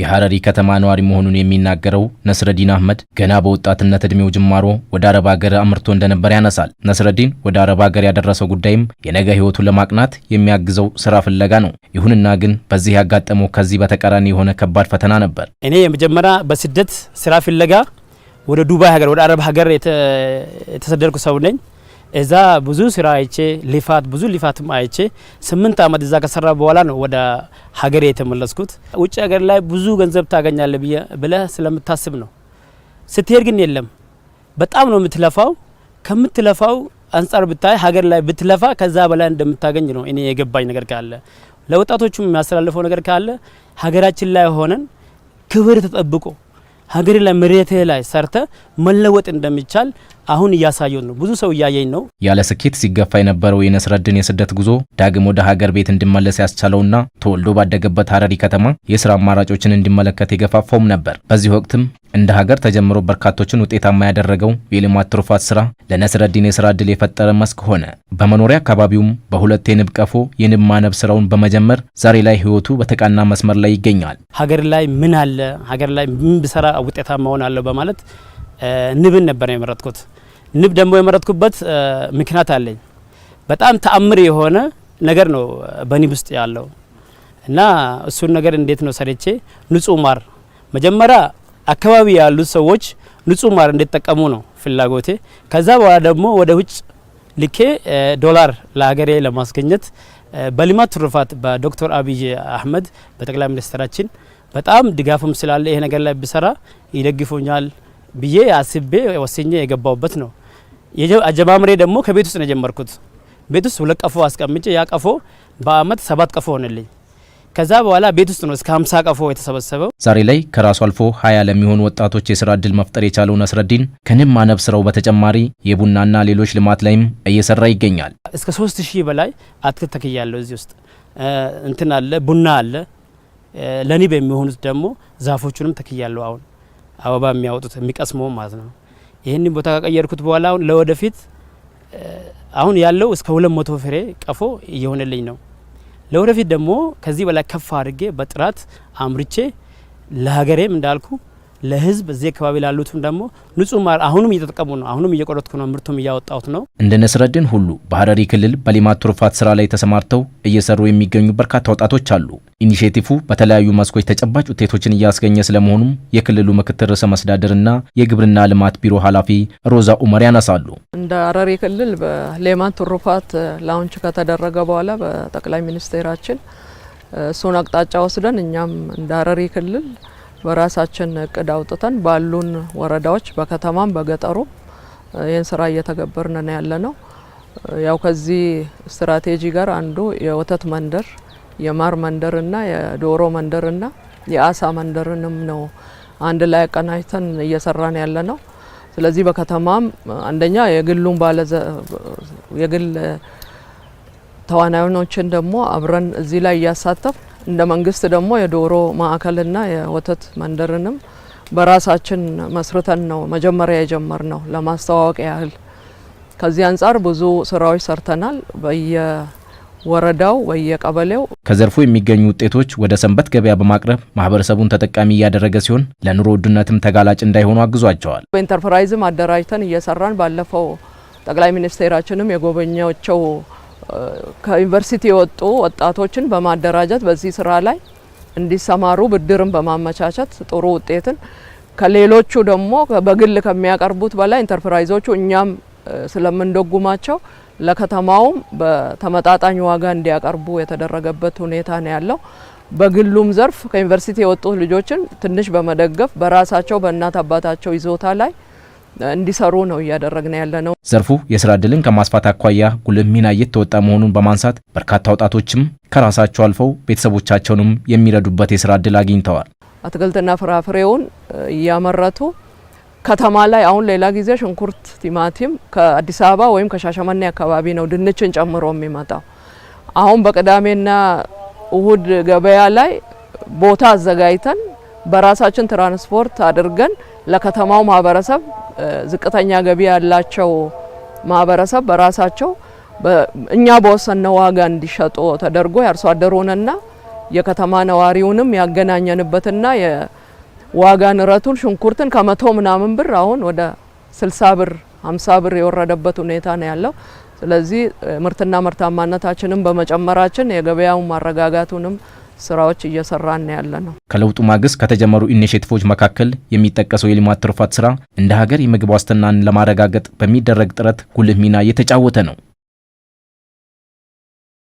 የሐረሪ ከተማ ነዋሪ መሆኑን የሚናገረው ነስረዲን አህመድ ገና በወጣትነት እድሜው ጅማሮ ወደ አረብ ሀገር አምርቶ እንደነበር ያነሳል። ነስረዲን ወደ አረብ ሀገር ያደረሰው ጉዳይም የነገ ህይወቱ ለማቅናት የሚያግዘው ስራ ፍለጋ ነው። ይሁንና ግን በዚህ ያጋጠመው ከዚህ በተቃራኒ የሆነ ከባድ ፈተና ነበር። እኔ የመጀመሪያ በስደት ስራ ፍለጋ ወደ ዱባይ ሀገር፣ ወደ አረብ ሀገር የተሰደድኩ ሰው ነኝ። እዛ ብዙ ስራ አይቼ ልፋት ብዙ ልፋትም አይቼ ስምንት ዓመት እዛ ከሰራ በኋላ ነው ወደ ሀገሬ የተመለስኩት። ውጭ ሀገር ላይ ብዙ ገንዘብ ታገኛለ ብለ ስለምታስብ ነው። ስትሄድ ግን የለም፣ በጣም ነው የምትለፋው። ከምትለፋው አንጻር ብታይ ሀገር ላይ ብትለፋ ከዛ በላይ እንደምታገኝ ነው እኔ የገባኝ ነገር ካለ ለወጣቶቹም የሚያስተላልፈው ነገር ካለ ሀገራችን ላይ ሆነን ክብር ተጠብቆ ሀገር ላይ መሬት ላይ ሰርተ መለወጥ እንደሚቻል አሁን እያሳየን ነው። ብዙ ሰው እያየኝ ነው። ያለ ስኬት ሲገፋ የነበረው የነስረድን የስደት ጉዞ ዳግም ወደ ሀገር ቤት እንዲመለስ ያስቻለውና ተወልዶ ባደገበት ሀረሪ ከተማ የስራ አማራጮችን እንዲመለከት የገፋፋውም ነበር። በዚህ ወቅትም እንደ ሀገር ተጀምሮ በርካቶችን ውጤታማ ያደረገው የልማት ትሩፋት ስራ ለነስረዲን የስራ ዕድል የፈጠረ መስክ ሆነ። በመኖሪያ አካባቢውም በሁለት የንብ ቀፎ የንብ ማነብ ስራውን በመጀመር ዛሬ ላይ ህይወቱ በተቃና መስመር ላይ ይገኛል። ሀገር ላይ ምን አለ፣ ሀገር ላይ ምን ብሰራ ውጤታማ ሆናለሁ በማለት ንብን ነበር የመረጥኩት። ንብ ደግሞ የመረጥኩበት ምክንያት አለኝ። በጣም ተአምር የሆነ ነገር ነው በኒብ ውስጥ ያለው እና እሱን ነገር እንዴት ነው ሰርቼ ንጹህ ማር መጀመሪያ አካባቢ ያሉት ሰዎች ንጹህ ማር እንዲጠቀሙ ነው ፍላጎቴ። ከዛ በኋላ ደግሞ ወደ ውጭ ልኬ ዶላር ለሀገሬ ለማስገኘት በልማት ትሩፋት በዶክተር አብይ አህመድ በጠቅላይ ሚኒስትራችን በጣም ድጋፍም ስላለ ይሄ ነገር ላይ ብሰራ ይደግፎኛል ብዬ አስቤ ወሰኘ የገባውበት ነው። አጀማምሬ ደግሞ ከቤት ውስጥ ነው የጀመርኩት። ቤት ውስጥ ሁለት ቀፎ አስቀምጬ ያ ቀፎ በአመት ሰባት ቀፎ ሆነልኝ። ከዛ በኋላ ቤት ውስጥ ነው እስከ 50 ቀፎ የተሰበሰበው። ዛሬ ላይ ከራሱ አልፎ 20 ለሚሆኑ ወጣቶች የስራ እድል መፍጠር የቻለው ነስረዲን ከንብ ማነብ ስራው በተጨማሪ የቡናና ሌሎች ልማት ላይም እየሰራ ይገኛል። እስከ 3000 በላይ አትክልት ተክያለሁ። እዚህ ውስጥ እንትን አለ፣ ቡና አለ። ለንብ የሚሆኑት ደግሞ ዛፎቹንም ተክያለሁ። አሁን አበባ የሚያወጡት የሚቀስመው ማለት ነው። ይህን ቦታ ከቀየርኩት በኋላ አሁን ለወደፊት አሁን ያለው እስከ 200 ፍሬ ቀፎ እየሆነልኝ ነው። ለወደፊት ደግሞ ከዚህ በላይ ከፍ አድርጌ በጥራት አምርቼ ለሀገሬም እንዳልኩ ለህዝብ እዚህ አካባቢ ላሉትም ደግሞ ንጹህ ማር አሁንም እየተጠቀሙ ነው። አሁንም እየቆረጥኩ ነው፣ ምርቱም እያወጣሁት ነው። እንደ ነስረድን ሁሉ በሀረሪ ክልል በሌማት ትሩፋት ስራ ላይ ተሰማርተው እየሰሩ የሚገኙ በርካታ ወጣቶች አሉ። ኢኒሽቲቭ በተለያዩ መስኮች ተጨባጭ ውጤቶችን እያስገኘ ስለመሆኑም የክልሉ ምክትል ርዕሰ መስተዳድርና የግብርና ልማት ቢሮ ኃላፊ ሮዛ ኡመር ያነሳሉ። እንደ ሀረሪ ክልል በሌማት ትሩፋት ላውንች ከተደረገ በኋላ በጠቅላይ ሚኒስቴራችን እሱን አቅጣጫ ወስደን እኛም እንደ ሀረሪ ክልል በራሳችን እቅድ አውጥተን ባሉን ወረዳዎች በከተማም በገጠሩ ይህን ስራ እየተገበርን ነው ያለ ነው። ያው ከዚህ ስትራቴጂ ጋር አንዱ የወተት መንደር፣ የማር መንደርና የዶሮ መንደርና የአሳ መንደርንም ነው አንድ ላይ አቀናጅተን እየሰራን ያለ ነው። ስለዚህ በከተማም አንደኛ የግሉን ባለ የግል ተዋናዮችን ደግሞ አብረን እዚህ ላይ እያሳተፍ እንደ መንግስት ደግሞ የዶሮ ማዕከልና የወተት መንደርንም በራሳችን መስርተን ነው መጀመሪያ የጀመር ነው ለማስተዋወቅ ያህል። ከዚህ አንጻር ብዙ ስራዎች ሰርተናል በየወረዳው በየቀበሌው። ከዘርፉ የሚገኙ ውጤቶች ወደ ሰንበት ገበያ በማቅረብ ማህበረሰቡን ተጠቃሚ እያደረገ ሲሆን ለኑሮ ውድነትም ተጋላጭ እንዳይሆኑ አግዟቸዋል። በኢንተርፕራይዝም አደራጅተን እየሰራን ባለፈው ጠቅላይ ሚኒስቴራችንም የጎበኛቸው ከዩኒቨርሲቲ የወጡ ወጣቶችን በማደራጀት በዚህ ስራ ላይ እንዲሰማሩ ብድርን በማመቻቸት ጥሩ ውጤትን ከሌሎቹ ደግሞ በግል ከሚያቀርቡት በላይ ኢንተርፕራይዞቹ እኛም ስለምንደጉማቸው ለከተማውም በተመጣጣኝ ዋጋ እንዲያቀርቡ የተደረገበት ሁኔታ ነው ያለው። በግሉም ዘርፍ ከዩኒቨርሲቲ የወጡት ልጆችን ትንሽ በመደገፍ በራሳቸው በእናት አባታቸው ይዞታ ላይ እንዲሰሩ ነው እያደረግን ያለ ነው። ዘርፉ የስራ ድልን ከማስፋት አኳያ ጉልህ ሚና እየተወጣ መሆኑን በማንሳት በርካታ ወጣቶችም ከራሳቸው አልፈው ቤተሰቦቻቸውንም የሚረዱበት የስራ ድል አግኝተዋል። አትክልትና ፍራፍሬውን እያመረቱ ከተማ ላይ አሁን ሌላ ጊዜ ሽንኩርት፣ ቲማቲም ከአዲስ አበባ ወይም ከሻሸመኔ አካባቢ ነው ድንችን ጨምሮ የሚመጣው። አሁን በቅዳሜና እሁድ ገበያ ላይ ቦታ አዘጋጅተን በራሳችን ትራንስፖርት አድርገን ለከተማው ማህበረሰብ ዝቅተኛ ገቢ ያላቸው ማህበረሰብ በራሳቸው እኛ በወሰነው ዋጋ እንዲሸጡ ተደርጎ የአርሶ አደሩንና የከተማ ነዋሪውንም ያገናኘንበትና የዋጋ ንረቱን ሽንኩርትን ከመቶ ምናምን ብር አሁን ወደ ስልሳ ብር ሀምሳ ብር የወረደበት ሁኔታ ነው ያለው። ስለዚህ ምርትና ምርታማነታችንን በመጨመራችን የገበያውን ማረጋጋቱንም ስራዎች እየሰራን ያለ ነው። ከለውጡ ማግስት ከተጀመሩ ኢኒሽቲቮች መካከል የሚጠቀሰው የልማት ትሩፋት ስራ እንደ ሀገር የምግብ ዋስትናን ለማረጋገጥ በሚደረግ ጥረት ጉልህ ሚና እየተጫወተ ነው።